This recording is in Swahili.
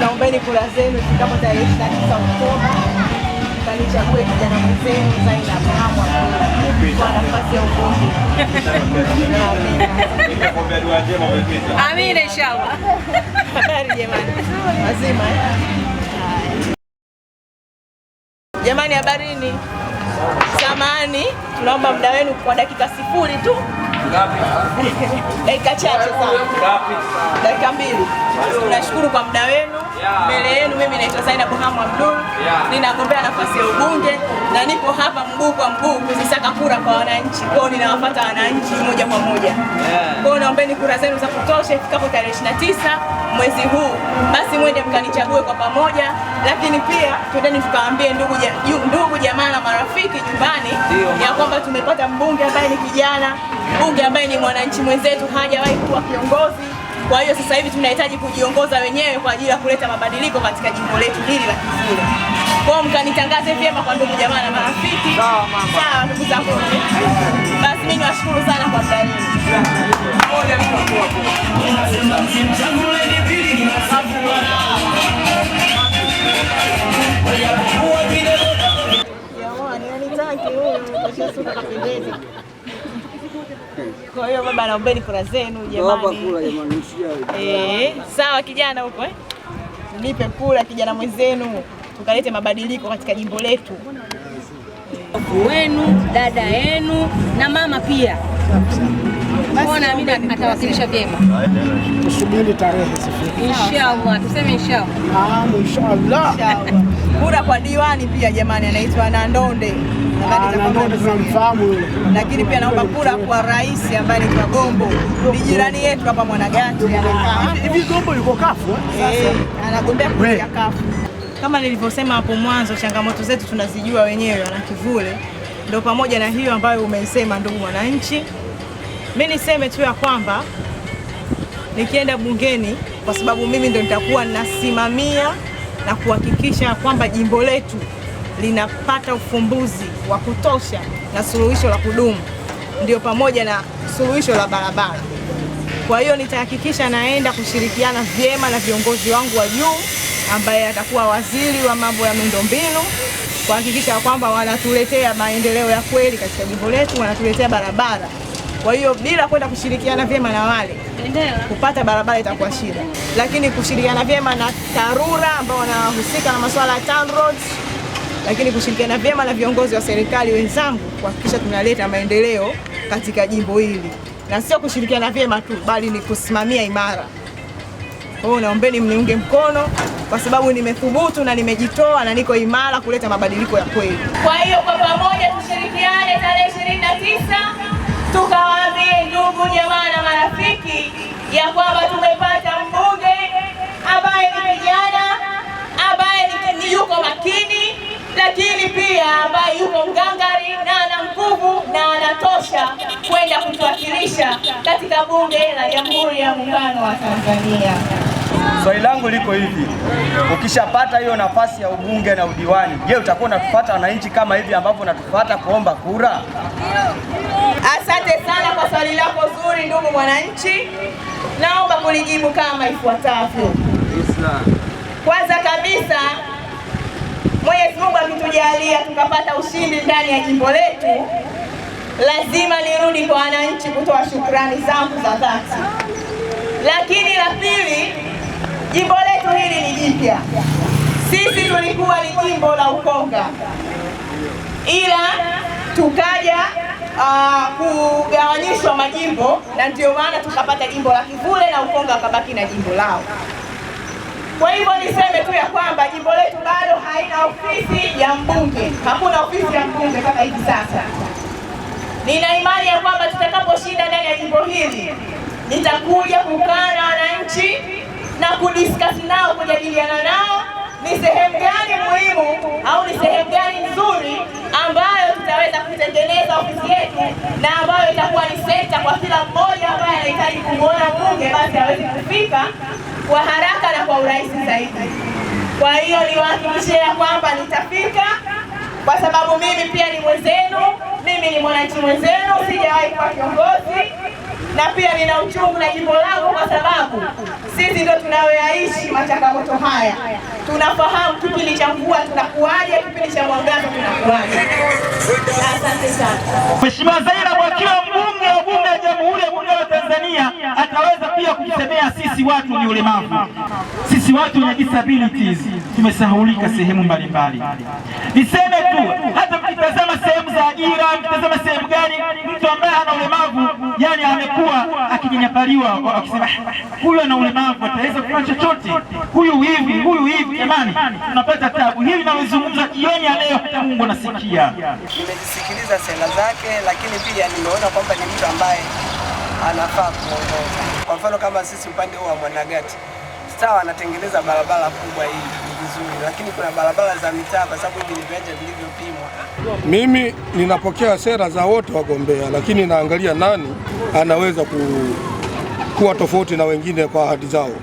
Naombeni kura zenu ifikapo tarehe 29 Oktoba, kanichague kijana mwenzenu kwa nafasi ya ubunge. Amina inshallah. Habari jamani, wazima eh? jamani, habarini. tunaomba muda wenu kwa dakika sifuri tu. Dakika chache sana, dakika mbili. Tunashukuru kwa muda wenu. Mbele yenu mimi naitwa zaina Hamu Abdul Ninagombea nafasi ya ubunge na nipo hapa mguu kwa mguu kuzisaka kura kwa wananchi, kwao ninawapata wananchi moja kwa moja Kwao naombeni kura zenu za kutosha ifikapo tarehe 29 mwezi huu, basi mwende mkanichague kwa pamoja, lakini pia twendeni tukawaambie ndugu, ndugu jamaa na marafiki nyumbani ya kwamba tumepata mbunge ambaye ni kijana, mbunge ambaye ni mwananchi mwenzetu, hajawahi kuwa kiongozi kwa hiyo sasa hivi tunahitaji kujiongoza wenyewe kwa ajili ya kuleta mabadiliko katika jimbo letu hili la Kivule. Kwa hiyo mkanitangaze vyema kwa ndugu jamaa na marafiki. Sawa ndugu zangu, basi mimi niwashukuru sana kwa muda wenu. Yaani, yaani, kwa hiyo baba, naombeni kura zenu jamani. Eh, sawa kijana huko eh? Nipe kura kijana mwenzenu, tukalete mabadiliko katika jimbo letu wenu dada yenu na mama pia mbona, mimi atawakilisha vyema. Tusubiri tarehe zifike inshallah, tuseme inshallah. Naam, inshallah. Kura kwa diwani pia jamani, anaitwa Nandonde. Ah, tunamfahamu yule, lakini pia naomba kura kwa rais ambaye ni Gombo, ni jirani yetu hapa Mwanagati. Anakaa eh? hivi Gombo yuko kafu sasa, eh, anagombea kupitia kafu. Kama nilivyosema hapo mwanzo, changamoto zetu tunazijua wenyewe, na kivule ndo pamoja na hiyo ambayo umeisema ndugu mwananchi. Mi niseme tu ya kwamba nikienda bungeni, kwa sababu mimi ndio nitakuwa nasimamia na kuhakikisha kwamba jimbo letu linapata ufumbuzi wa kutosha na suluhisho la kudumu, ndio pamoja na suluhisho la barabara. Kwa hiyo nitahakikisha naenda kushirikiana vyema na viongozi wangu wa juu, ambaye atakuwa waziri wa mambo ya miundombinu, kuhakikisha kwamba wanatuletea maendeleo ya kweli katika jimbo letu, wanatuletea barabara. Kwa hiyo bila kwenda kushirikiana vyema na wale kupata barabara itakuwa shida, lakini kushirikiana vyema na TARURA ambao wanahusika na masuala ya TANROADS lakini kushirikiana vyema na viongozi wa serikali wenzangu kuhakikisha tunaleta maendeleo katika jimbo hili, na sio kushirikiana vyema tu, bali ni kusimamia imara. Kwa hiyo naombeni mniunge mkono kwa sababu nimethubutu na nimejitoa na niko imara kuleta mabadiliko ya kweli. Kwa hiyo kwa pamoja tushirikiane tarehe 29 tukawaambie ndugu jamaa na marafiki ya kwamba tumepata pia ambaye yuko mgangari na ana nguvu na anatosha kwenda kutuwakilisha katika Bunge la Jamhuri ya Muungano wa Tanzania. Swali so, langu liko hivi, ukishapata hiyo nafasi ya ubunge na udiwani, je, utakuwa unatufuata wananchi kama hivi ambavyo unatufuata kuomba kura? Asante sana kwa swali lako zuri, ndugu mwananchi, naomba kulijibu kama ifuatavyo. Kwanza kabisa Mwenyezi Mungu akitujalia tukapata ushindi ndani ya jimbo letu, lazima nirudi kwa wananchi kutoa shukrani zangu za dhati. Lakini la pili, jimbo letu hili ni jipya. Sisi tulikuwa ni jimbo la Ukonga, ila tukaja uh, kugawanyishwa majimbo, na ndio maana tukapata jimbo la Kivule na Ukonga wakabaki na jimbo lao. Kwa hivyo niseme tu ya kwamba jimbo letu bado haina ofisi ya mbunge, hakuna ofisi ya mbunge kama hivi sasa. Nina imani ya kwamba tutakaposhinda ndani ya jimbo hili, nitakuja kukaa na wananchi na kudiscuss nao, kujadiliana nao ni sehemu gani muhimu au ni sehemu gani nzuri ambayo tutaweza kutengeneza Kwa hiyo niwahakikishie ya kwamba nitafika, kwa sababu mimi pia ni mwenzenu, mimi ni mwananchi mwenzenu, sijawahi kuwa kiongozi, na pia nina uchungu na jimbo langu, kwa sababu sisi ndio tunayoyaishi machangamoto haya. Tunafahamu kipindi cha mvua tunakuaje, kipindi cha mwangaza tunakuaje. Asante sana Mheshimiwa kwa kila mbunge wa Bunge la Jamhuri Tanzania ataweza pia kutusemea sisi watu ni ulemavu, sisi watu wenye disabilities tumesahulika sehemu mbalimbali. Niseme tu hata mkitazama sehemu za ajira, mkitazama sehemu gani, mtu ambaye ana ulemavu yani amekuwa akinyanyapaliwa, akisema ah, huyu ana ulemavu ataweza kufanya chochote, huyu hivi, huyu hivi. Jamani, tunapata tabu. Hili nalozungumza jioni ya leo, hata Mungu anasikia. Nimesikiliza sera zake, lakini pia nimeona kwamba ni mtu ambaye anafaa kuongoza. Kwa mfano kama sisi upande huu wa Mwanagati, sawa, anatengeneza barabara kubwa hii vizuri, lakini kuna barabara za mitaa, kwa sababu hivi vilivyopimwa. Mimi ninapokea sera za wote wagombea, lakini naangalia nani anaweza ku, kuwa tofauti na wengine kwa ahadi zao.